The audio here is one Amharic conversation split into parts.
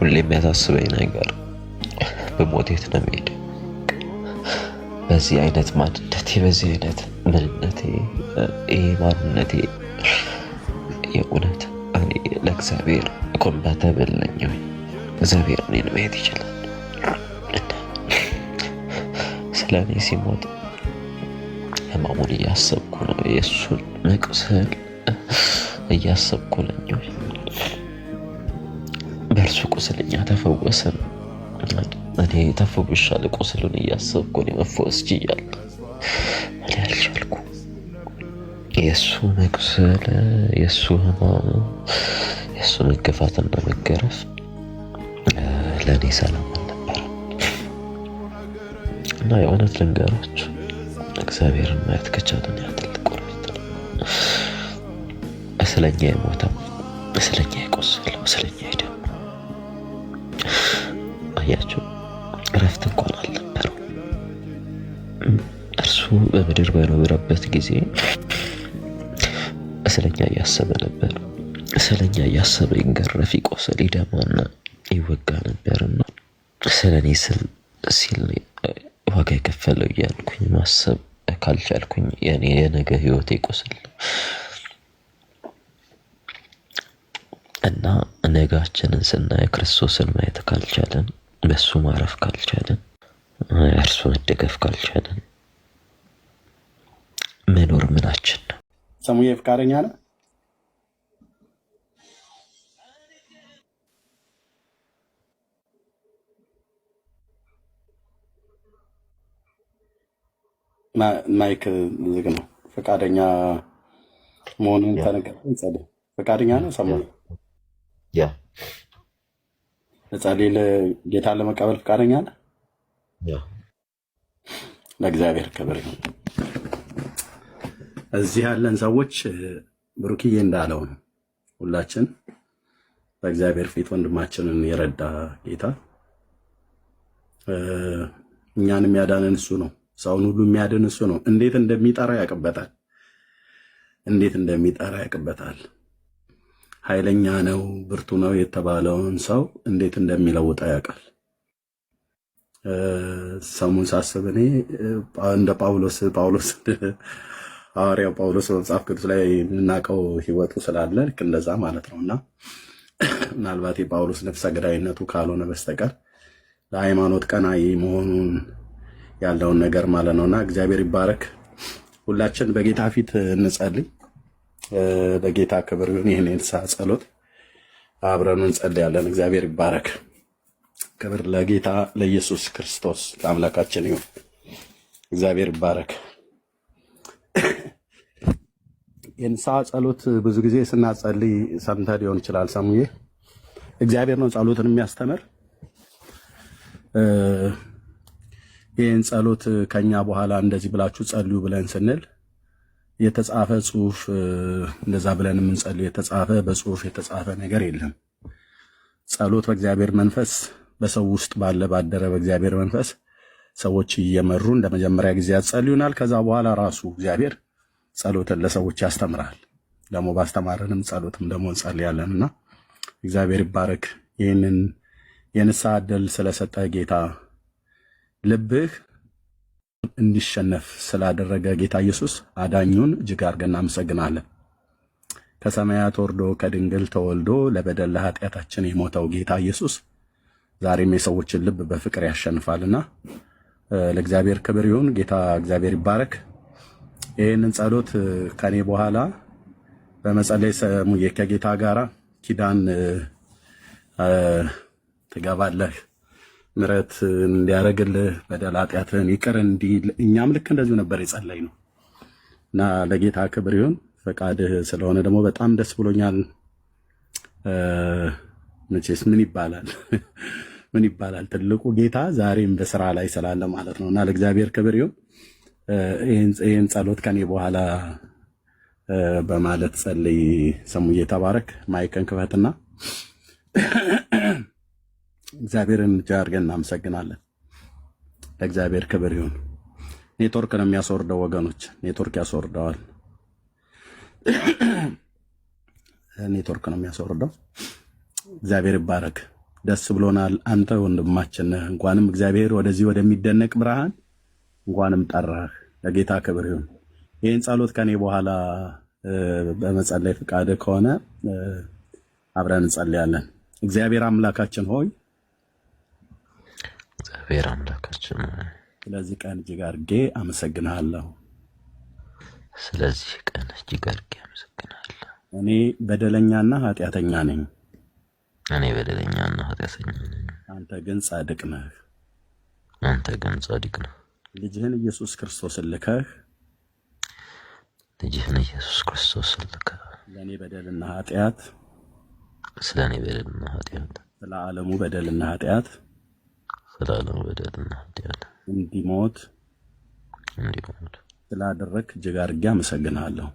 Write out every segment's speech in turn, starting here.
ሁሌም ያሳስበኝ ነገር በሞት የት ነው የምሄድ? በዚህ አይነት ማንነቴ፣ በዚህ አይነት ምንነቴ፣ ይህ ማንነቴ የእውነት ለእግዚአብሔር ኮምፓተብል ነኝ ወይ? እግዚአብሔር እኔን ማየት ይችላል። ስለ እኔ ሲሞት ህማሙን እያሰብኩ ነው፣ የእሱን መቁሰል እያሰብኩ ነኝ ወይ? የእርሱ ቁስል እኛ ተፈወስን። እኔ ተፈውሻለሁ። ቁስሉን እያሰብኩ እኔ መፈወስ ችያለሁ። እኔ አልቻልኩ። የእሱ መቁሰል፣ የእሱ ሕማም፣ የእሱ መገፋትና መገረፍ ለእኔ ሰላም አልነበረም እና የእውነት ልንገራችሁ እግዚአብሔርን ማየት ከቻለን ያትልቅ ቁርበት ነው። ስለኛ የሞተው ስለኛ የቆሰለው ስለኛ ሄደ አሳያቸው። እረፍት እንኳን አልነበረው። እርሱ በምድር በኖረበት ጊዜ እስለኛ እያሰበ ነበር። ስለኛ እያሰበ ይገረፍ፣ ይቆሰል፣ ይደማና ይወጋ ነበርና ስለ እኔ ሲል ዋጋ የከፈለው እያልኩኝ ማሰብ ካልቻልኩኝ የኔ የነገ ህይወት ይቆስል እና ነጋችንን ስናየ ክርስቶስን ማየት ካልቻለን በሱ ማረፍ ካልቻለን፣ እርሱ መደገፍ ካልቻለን መኖር ምናችን ነው? ሰሙዬ ፍቃደኛ ነህ? ማይክ ዝግ ነው። ፈቃደኛ መሆኑን ተነገረኝ። ፈቃደኛ ነው ሰሙ። ለጸሌ ጌታን ለመቀበል ፈቃደኛ ነህ? ለእግዚአብሔር ክብር ነው። እዚህ ያለን ሰዎች ብሩክዬ እንዳለው ነው። ሁላችን በእግዚአብሔር ፊት ወንድማችንን የረዳ ጌታ እኛን የሚያዳንን እሱ ነው። ሰውን ሁሉ የሚያድን እሱ ነው። እንዴት እንደሚጠራ ያቅበታል። እንዴት እንደሚጠራ ያቅበታል። ኃይለኛ ነው ብርቱ ነው የተባለውን ሰው እንዴት እንደሚለውጥ ያውቃል። ሰሙን ሳስብ እኔ እንደ ጳውሎስ ጳውሎስ ሐዋርያው ጳውሎስ በመጽሐፍ ቅዱስ ላይ የምናውቀው ህይወቱ ስላለ ልክ እንደዛ ማለት ነው እና ምናልባት የጳውሎስ ነፍሰ ገዳይነቱ ካልሆነ በስተቀር ለሃይማኖት ቀናይ መሆኑን ያለውን ነገር ማለት ነው እና እግዚአብሔር ይባረክ። ሁላችን በጌታ ፊት እንጸልይ። ለጌታ ክብር ይሁን። ይህን የንስሐ ጸሎት አብረን እንጸልያለን። እግዚአብሔር ይባረክ። ክብር ለጌታ ለኢየሱስ ክርስቶስ ለአምላካችን ይሁን። እግዚአብሔር ይባረክ። የንስሐ ጸሎት ብዙ ጊዜ ስናጸልይ ሰምተህ ሊሆን ይችላል። ሰሙዬ እግዚአብሔር ነው ጸሎትን የሚያስተምር። ይህን ጸሎት ከኛ በኋላ እንደዚህ ብላችሁ ጸልዩ ብለን ስንል የተጻፈ ጽሁፍ እንደዛ ብለን የምንጸልዩ የተጻፈ በጽሁፍ የተጻፈ ነገር የለም። ጸሎት በእግዚአብሔር መንፈስ በሰው ውስጥ ባለ ባደረ በእግዚአብሔር መንፈስ ሰዎች እየመሩ ለመጀመሪያ ጊዜ ያጸልዩናል። ከዛ በኋላ ራሱ እግዚአብሔር ጸሎትን ለሰዎች ያስተምራል። ደግሞ ባስተማረንም ጸሎትም ደግሞ እንጸልያለን እና እግዚአብሔር ይባረክ። ይህንን የንስሐ ዕድል ስለሰጠ ጌታ ልብህ እንዲሸነፍ ስላደረገ ጌታ ኢየሱስ አዳኙን እጅግ አድርገን እናመሰግናለን። ከሰማያት ወርዶ ከድንግል ተወልዶ ለበደል ለኃጢአታችን የሞተው ጌታ ኢየሱስ ዛሬም የሰዎችን ልብ በፍቅር ያሸንፋልና ለእግዚአብሔር ክብር ይሁን። ጌታ እግዚአብሔር ይባረክ። ይህንን ጸሎት ከኔ በኋላ በመጸለይ ሰሙዬ ከጌታ ጋራ ኪዳን ትገባለህ። ምረት እንዲያደርግልህ በደል ኃጢአትህን ይቅር እንዲል እኛም ልክ እንደዚሁ ነበር የጸለይ ነው እና ለጌታ ክብር ይሁን። ፈቃድህ ስለሆነ ደግሞ በጣም ደስ ብሎኛል። መቼስ ምን ይባላል ምን ይባላል ትልቁ ጌታ ዛሬም በስራ ላይ ስላለ ማለት ነው እና ለእግዚአብሔር ክብር ይሁን። ይህን ጸሎት ከኔ በኋላ በማለት ጸልይ። ስሙ እየተባረክ ማይከን ክፈትና እግዚአብሔርን እጅ አድርገን እናመሰግናለን። ለእግዚአብሔር ክብር ይሁን። ኔትወርክ ነው የሚያስወርደው ወገኖች፣ ኔትወርክ ያስወርደዋል። ኔትወርክ ነው የሚያስወርደው። እግዚአብሔር ይባረክ። ደስ ብሎናል። አንተ ወንድማችን ነህ። እንኳንም እግዚአብሔር ወደዚህ ወደሚደነቅ ብርሃን እንኳንም ጠራህ። ለጌታ ክብር ይሁን። ይህን ጸሎት ከኔ በኋላ በመጸለይ ፈቃድ ከሆነ አብረን እንጸልያለን። እግዚአብሔር አምላካችን ሆይ እግዚአብሔር አምላካችን ስለዚህ ቀን እጅግ አድርጌ አመሰግናለሁ። ስለዚህ ቀን እጅግ አድርጌ አመሰግናለሁ። እኔ በደለኛና ኃጢአተኛ ነኝ። እኔ በደለኛና ኃጢአተኛ ነኝ። አንተ ግን ጻድቅ ነህ። አንተ ግን ጻድቅ ነህ። ልጅህን ኢየሱስ ክርስቶስን ልከህ ልጅህን ኢየሱስ ክርስቶስን ልከህ ለእኔ በደልና ኃጢአት ስለ እኔ በደልና ኃጢአት ስለ ዓለሙ በደልና ኃጢአት ስላለን በደል እናያለን እንዲሞት እንዲሞት ስላደረግ እጅግ አድርጌ አመሰግናለሁ።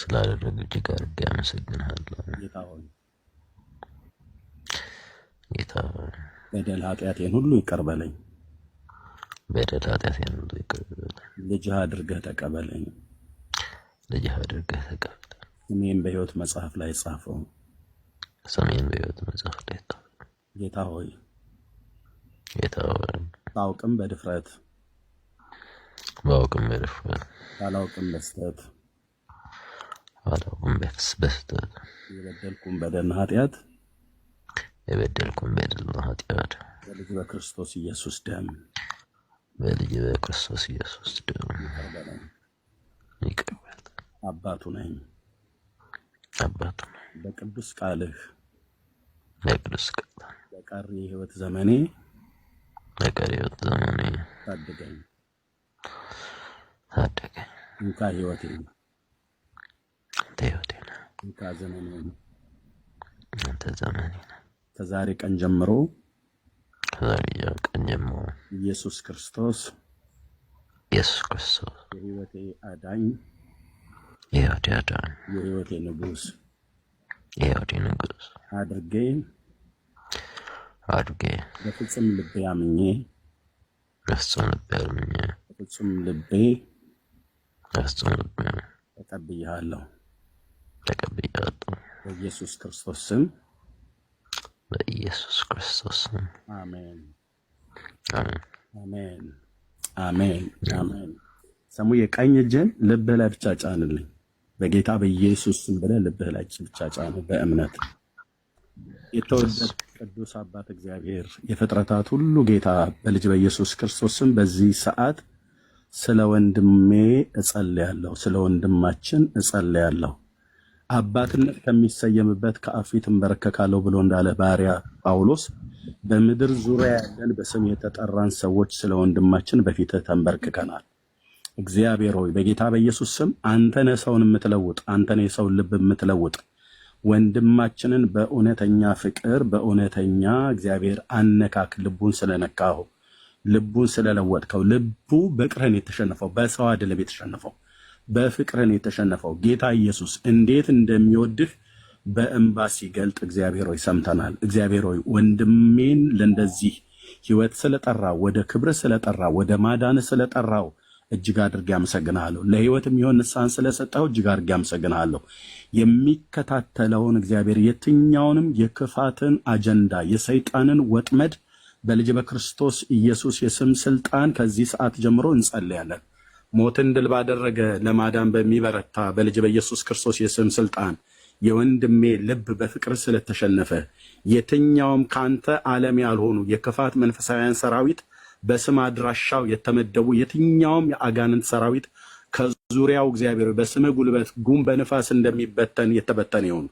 ስላደረግ እጅግ አድርጌ አመሰግናለሁ። ጌታ ሆይ ጌታ ሆይ በደል ኃጢአቴን ሁሉ ይቀርበለኝ። በደል ኃጢአቴን ሁሉ ይቀርበለኝ። ልጅህ አድርገህ ተቀበለኝ። ልጅህ አድርገህ ተቀበለኝ። ስሜን በሕይወት መጽሐፍ ላይ ጻፈው። ስሜን በሕይወት መጽሐፍ ላይ ጻፈው። ጌታ ሆይ በአውቅም በድፍረት ባውቅም በድፍረት ባላውቅም በስተት ባላውቅም በስተት የበደልኩም በደልና ኃጢአት የበደልኩም በደልና ኃጢአት በልጅ በክርስቶስ ኢየሱስ ደም በልጅ በክርስቶስ ኢየሱስ ደም ይቀበል አባቱ ነኝ አባቱ ነኝ በቅዱስ ቃልህ በቅዱስ ቃልህ በቀሪ የህይወት ዘመኔ ለቀሪ ህይወት ዘመኔ ታደገኝ ታደገኝ። እንካ ህይወቴ ነው፣ አንተ ህይወቴ ነህ። እንካ ዘመኔ ነው፣ አንተ ዘመኔ ነህ። ከዛሬ ቀን ጀምሮ ከዛሬ ቀን ጀምሮ ኢየሱስ ክርስቶስ ኢየሱስ ክርስቶስ የህይወቴ አዳኝ የህይወቴ አዳኝ የህይወቴ ንጉሥ የህይወቴ ንጉሥ አድርጌ አድጌ በፍጹም ልቤ አምኜ በፍጹም ልቤ አምኜ በፍጹም ልቤ በፍጹም ልቤ ተቀብያለሁ ተቀብያለሁ በኢየሱስ ክርስቶስ ስም በኢየሱስ ክርስቶስ ስም አሜን አሜን አሜን አሜን። ሰሙ የቀኝ እጅን ልብህ ላይ ብቻ ጫንልኝ በጌታ በኢየሱስ ስም ብለህ ልብህ ላይ ብቻ ጫን በእምነት የተወደደ ቅዱስ አባት እግዚአብሔር የፍጥረታት ሁሉ ጌታ በልጅ በኢየሱስ ክርስቶስም በዚህ ሰዓት ስለ ወንድሜ እጸልያለሁ፣ ስለ ወንድማችን እጸልያለሁ። አባትነት ከሚሰየምበት ከአፊት እንበረከካለሁ ብሎ እንዳለ ባሪያ ጳውሎስ በምድር ዙሪያ ያለን በስም የተጠራን ሰዎች ስለ ወንድማችን በፊትህ ተንበርክከናል። እግዚአብሔር ሆይ በጌታ በኢየሱስ ስም አንተ ነህ ሰውን የምትለውጥ፣ አንተ ነህ የሰውን ልብ የምትለውጥ ወንድማችንን በእውነተኛ ፍቅር በእውነተኛ እግዚአብሔር አነካክ ልቡን ስለነካው ልቡን ስለለወጥከው ልቡ በቅርህን የተሸነፈው በሰው አይደለም የተሸነፈው በፍቅርን የተሸነፈው ጌታ ኢየሱስ እንዴት እንደሚወድህ በእንባ ሲገልጥ እግዚአብሔር ሆይ ሰምተናል። እግዚአብሔር ሆይ ወንድሜን ለእንደዚህ ህይወት ስለጠራው ወደ ክብር ስለጠራ ወደ ማዳን ስለጠራው እጅግ አድርጌ አመሰግንሃለሁ። ለህይወት የሚሆን ንስሐን ስለሰጠኸው እጅግ አድርጌ አመሰግንሃለሁ። የሚከታተለውን እግዚአብሔር የትኛውንም የክፋትን አጀንዳ የሰይጣንን ወጥመድ በልጅ በክርስቶስ ኢየሱስ የስም ስልጣን ከዚህ ሰዓት ጀምሮ እንጸልያለን። ሞትን ድል ባደረገ ለማዳን በሚበረታ በልጅ በኢየሱስ ክርስቶስ የስም ስልጣን የወንድሜ ልብ በፍቅር ስለተሸነፈ የትኛውም ካንተ ዓለም ያልሆኑ የክፋት መንፈሳውያን ሰራዊት በስም አድራሻው የተመደቡ የትኛውም የአጋንንት ሰራዊት ከዙሪያው እግዚአብሔር በስም ጉልበት ጉም በንፋስ እንደሚበተን የተበተነ ይሁን።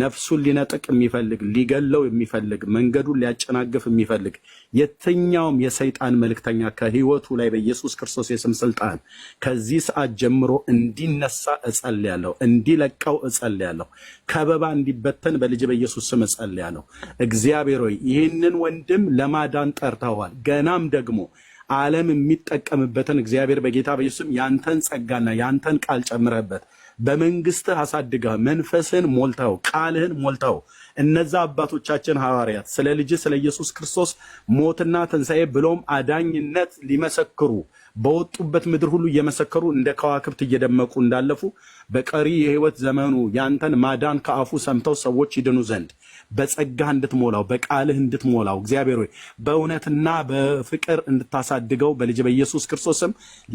ነፍሱን ሊነጥቅ የሚፈልግ ሊገለው የሚፈልግ መንገዱን ሊያጨናግፍ የሚፈልግ የትኛውም የሰይጣን መልእክተኛ ከህይወቱ ላይ በኢየሱስ ክርስቶስ የስም ስልጣን ከዚህ ሰዓት ጀምሮ እንዲነሳ እጸልያለሁ፣ እንዲለቀው እጸልያለሁ፣ ከበባ እንዲበተን በልጅ በኢየሱስ ስም እጸልያለሁ። እግዚአብሔር ሆይ ይህንን ወንድም ለማዳን ጠርተዋል። ገናም ደግሞ ዓለም የሚጠቀምበትን እግዚአብሔር በጌታ ስም ያንተን ጸጋና ያንተን ቃል ጨምረበት በመንግስትህ አሳድጋ መንፈስህን ሞልተው ቃልህን ሞልተው እነዛ አባቶቻችን ሐዋርያት ስለ ልጅ ስለ ኢየሱስ ክርስቶስ ሞትና ትንሣኤ ብሎም አዳኝነት ሊመሰክሩ በወጡበት ምድር ሁሉ እየመሰከሩ እንደ ከዋክብት እየደመቁ እንዳለፉ በቀሪ የህይወት ዘመኑ ያንተን ማዳን ከአፉ ሰምተው ሰዎች ይድኑ ዘንድ በጸጋ እንድትሞላው በቃልህ እንድትሞላው እግዚአብሔር ሆይ በእውነትና በፍቅር እንድታሳድገው በልጅ በኢየሱስ ክርስቶስ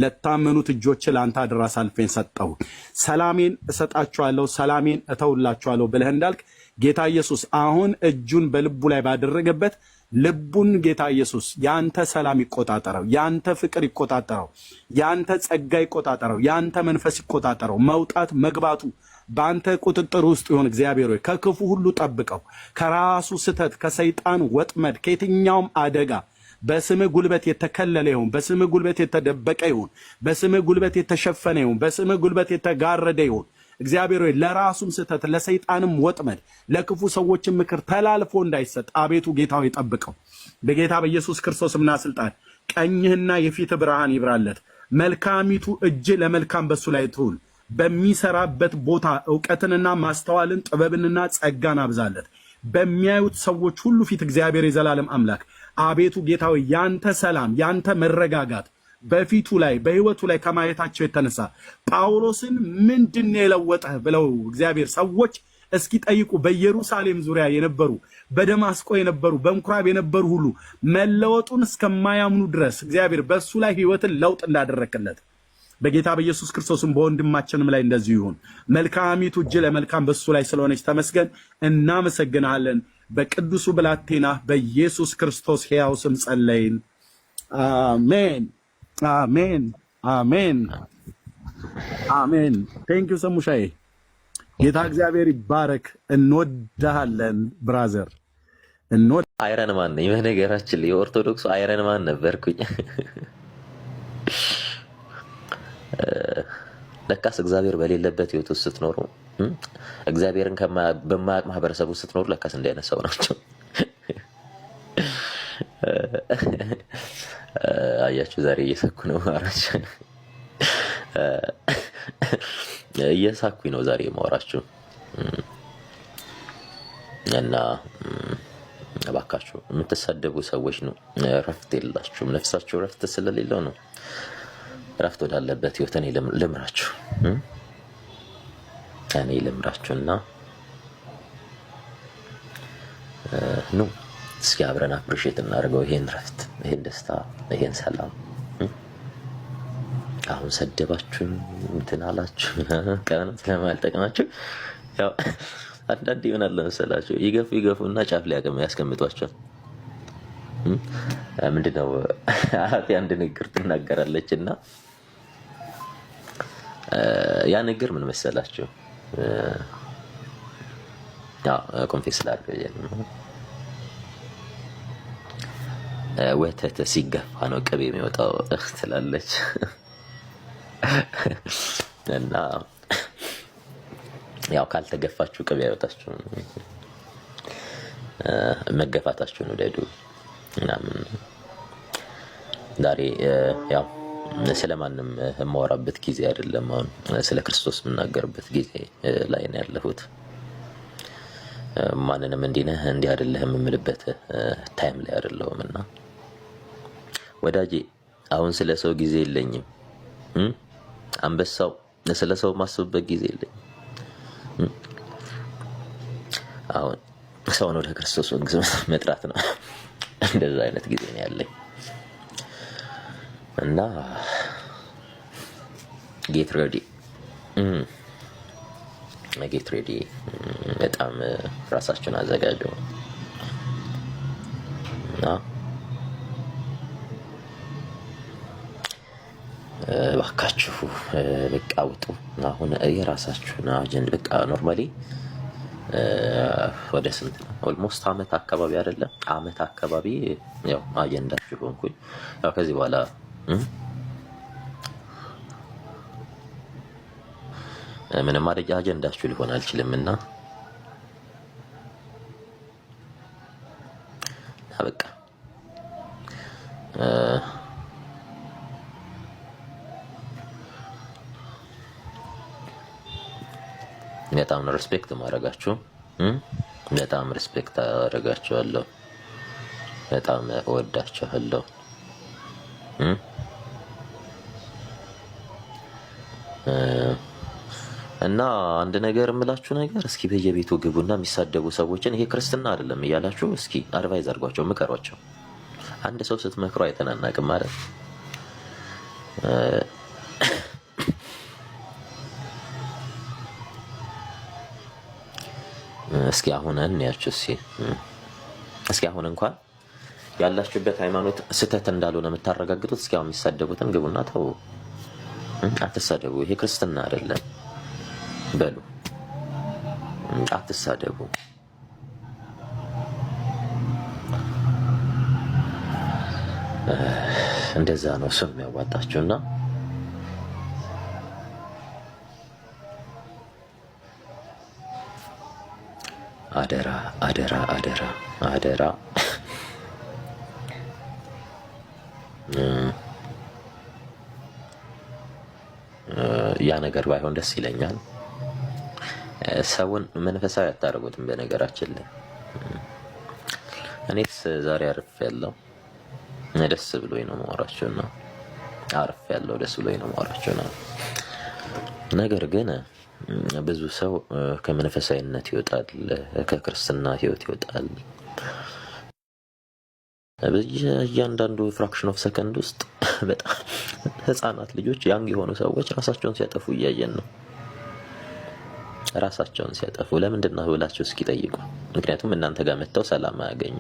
ለታመኑት እጆች ለአንተ አደራ አሳልፌን ሰጠሁ። ሰላሜን እሰጣችኋለሁ፣ ሰላሜን እተውላችኋለሁ ብለህ እንዳልክ ጌታ ኢየሱስ አሁን እጁን በልቡ ላይ ባደረገበት ልቡን ጌታ ኢየሱስ ያንተ ሰላም ይቆጣጠረው፣ ያንተ ፍቅር ይቆጣጠረው፣ ያንተ ጸጋ ይቆጣጠረው፣ ያንተ መንፈስ ይቆጣጠረው። መውጣት መግባቱ በአንተ ቁጥጥር ውስጥ ይሆን እግዚአብሔር ሆይ ከክፉ ሁሉ ጠብቀው፣ ከራሱ ስተት፣ ከሰይጣን ወጥመድ፣ ከየትኛውም አደጋ በስም ጉልበት የተከለለ ይሁን፣ በስም ጉልበት የተደበቀ ይሁን፣ በስም ጉልበት የተሸፈነ ይሁን፣ በስም ጉልበት የተጋረደ ይሁን። እግዚአብሔር ሆይ ለራሱም ስህተት ለሰይጣንም ወጥመድ ለክፉ ሰዎችን ምክር ተላልፎ እንዳይሰጥ አቤቱ ጌታ ሆይ ጠብቀው። በጌታ በኢየሱስ ክርስቶስምና ስልጣን ቀኝህና የፊት ብርሃን ይብራለት። መልካሚቱ እጅ ለመልካም በሱ ላይ ትሁን። በሚሰራበት ቦታ እውቀትንና ማስተዋልን ጥበብንና ጸጋን አብዛለት በሚያዩት ሰዎች ሁሉ ፊት እግዚአብሔር የዘላለም አምላክ አቤቱ ጌታዊ ያንተ ሰላም ያንተ መረጋጋት በፊቱ ላይ በህይወቱ ላይ ከማየታቸው የተነሳ ጳውሎስን ምንድን የለወጠ የለወጠህ ብለው እግዚአብሔር ሰዎች እስኪጠይቁ በኢየሩሳሌም ዙሪያ የነበሩ በደማስቆ የነበሩ በምኩራብ የነበሩ ሁሉ መለወጡን እስከማያምኑ ድረስ እግዚአብሔር በእሱ ላይ ህይወትን ለውጥ እንዳደረክለት በጌታ በኢየሱስ ክርስቶስም በወንድማችንም ላይ እንደዚሁ ይሁን። መልካሚቱ እጅ ለመልካም በሱ ላይ ስለሆነች ተመስገን፣ እናመሰግናለን። በቅዱሱ ብላቴና በኢየሱስ ክርስቶስ ሕያው ስም ጸለይን። አሜን፣ አሜን፣ አሜን፣ አሜን። ቴንኪው ሰሙሻዬ። ጌታ እግዚአብሔር ይባረክ። እንወዳሃለን ብራዘር። አይረን ማን ነኝ? በነገራችን ላይ የኦርቶዶክሱ አይረን ማን ነበርኩኝ። ለካስ እግዚአብሔር በሌለበት ህይወት ውስጥ ስትኖሩ እግዚአብሔርን በማያውቅ ማህበረሰብ ውስጥ ስትኖሩ ለካስ እንዳይነሳው ናቸው። አያችሁ፣ ዛሬ እየሳኩ ነው። ማውራችሁ እየሳኩኝ ነው ዛሬ ማውራችሁ እና እባካችሁ የምትሳደቡ ሰዎች ነው፣ ረፍት የላችሁም። ነፍሳችሁ ረፍት ስለሌለው ነው ረፍት ወዳለበት ህይወት እኔ ልምራችሁ እኔ ልምራችሁና ኑ እስኪ አብረን አፕሪሼት እናደርገው ይሄን ረፍት፣ ይሄን ደስታ፣ ይሄን ሰላም። አሁን ሰደባችሁን እንትን አላችሁ ምናምን ስለማልጠቅማችሁ ያው አንዳንድ ይሆናል መሰላችሁ ይገፉ ይገፉ እና ጫፍ ላይ ያስቀምጧቸዋል። ምንድነው አያቴ አንድ ንግግር ትናገራለች እና ያ ነገር ምን መሰላችሁ? ኮንፌስ ላድርገው ወተት ሲገፋ ነው ቅቤ የሚወጣው እህ ትላለች እና ያው ካልተገፋችሁ ቅቤ አይወጣችሁም። መገፋታችሁን ውደዱ ምናምን ዛሬ ያው ስለማንም የማወራበት ጊዜ አይደለም። አሁን ስለ ክርስቶስ የምናገርበት ጊዜ ላይ ነው ያለሁት። ማንንም እንዲህ ነህ እንዲህ አይደለህም የምልበት ታይም ላይ አይደለሁም። እና ወዳጄ አሁን ስለ ሰው ጊዜ የለኝም። አንበሳው ስለ ሰው ማስብበት ጊዜ የለኝም። አሁን ሰውን ወደ ክርስቶስ መንግስት መጥራት ነው። እንደዛ አይነት ጊዜ ነው ያለኝ። እና ጌት ሬዲ ጌት ሬዲ በጣም ራሳችሁን አዘጋጁ እና ባካችሁ በቃ ውጡ። አሁን የራሳችሁን አጀንዳ በቃ ኖርማሊ ወደ ስንት ነው ኦልሞስት አመት አካባቢ አይደለም አመት አካባቢ ያው አጀንዳችሁ ሆንኩኝ ያው ከዚህ በኋላ ምንም አደቂ አጀንዳችሁ ሊሆን አልችልም እና በቃ በጣም ነው ሪስፔክት ማድረጋችሁ። በጣም ሪስፔክት አደርጋችኋለሁ። በጣም እወዳችኋለሁ። እና አንድ ነገር የምላችሁ ነገር እስኪ በየቤቱ ግቡና የሚሳደቡ ሰዎችን ይሄ ክርስትና አይደለም እያላችሁ እስኪ አድቫይዝ አድርጓቸው፣ ምከሯቸው። አንድ ሰው ስትመክሮ አይተናናቅም ማለት እስኪ አሁን እንያችሁ እስኪ አሁን እንኳን ያላችሁበት ሃይማኖት ስህተት እንዳልሆነ የምታረጋግጡት እስኪ አሁን የሚሳደቡትን ግቡና ተው። አትሳደቡ፣ ይሄ ክርስትና አይደለም በሉ። አትሳደቡ። እንደዛ ነው ሰው የሚያዋጣችሁ እና አደራ አደራ አደራ አደራ ያ ነገር ባይሆን ደስ ይለኛል። ሰውን መንፈሳዊ አታደርጉትም። በነገራችን ላይ እኔስ ዛሬ አርፍ ያለው ደስ ብሎኝ ነው ማወራቸው ነው። አርፍ ያለው ደስ ብሎኝ ነው ማወራቸው ነው። ነገር ግን ብዙ ሰው ከመንፈሳዊነት ይወጣል፣ ከክርስትና ህይወት ይወጣል። እያንዳንዱ ፍራክሽን ኦፍ ሰከንድ ውስጥ በጣም ህጻናት ልጆች ያንግ የሆኑ ሰዎች ራሳቸውን ሲያጠፉ እያየን ነው። ራሳቸውን ሲያጠፉ ለምንድን ነው ብላቸው እስኪጠይቁ። ምክንያቱም እናንተ ጋር መጥተው ሰላም አያገኙ።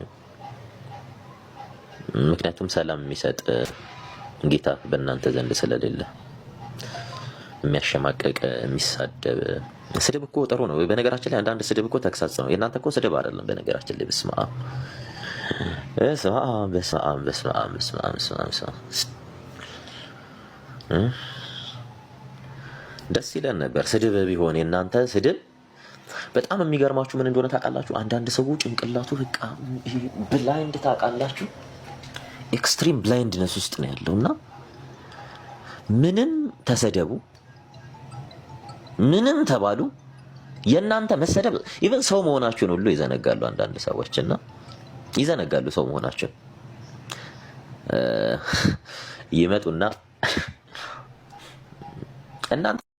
ምክንያቱም ሰላም የሚሰጥ ጌታ በእናንተ ዘንድ ስለሌለ የሚያሸማቀቅ የሚሳደብ ስድብ እኮ ጥሩ ነው። በነገራችን ላይ አንዳንድ ስድብ እኮ ተግሳጽ ነው። የእናንተ እኮ ስድብ አይደለም። በነገራችን ላይ ብስማ በስመ ደስ ይለን ነበር ስድብ ቢሆን የእናንተ ስድብ በጣም የሚገርማችሁ ምን እንደሆነ ታውቃላችሁ? አንዳንድ ሰው ጭንቅላቱ በቃ ብላይንድ ታውቃላችሁ፣ ኤክስትሪም ብላይንድነስ ውስጥ ነው ያለው እና ምንም ተሰደቡ ምንም ተባሉ የእናንተ መሰደብ ኢቨን ሰው መሆናችሁን ሁሉ ይዘነጋሉ አንዳንድ ሰዎች እና ይዘነጋሉ ሰው መሆናቸው ይመጡና እናንተ